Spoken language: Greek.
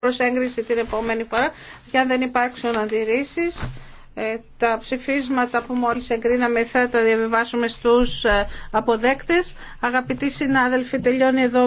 προς έγκριση την επόμενη φορά για αν δεν υπάρξουν αντιρρήσεις ε, τα ψηφίσματα που μόλις εγκρίναμε θα τα διαβιβάσουμε στους ε, αποδέκτες. Αγαπητοί συνάδελφοι, τελειώνει εδώ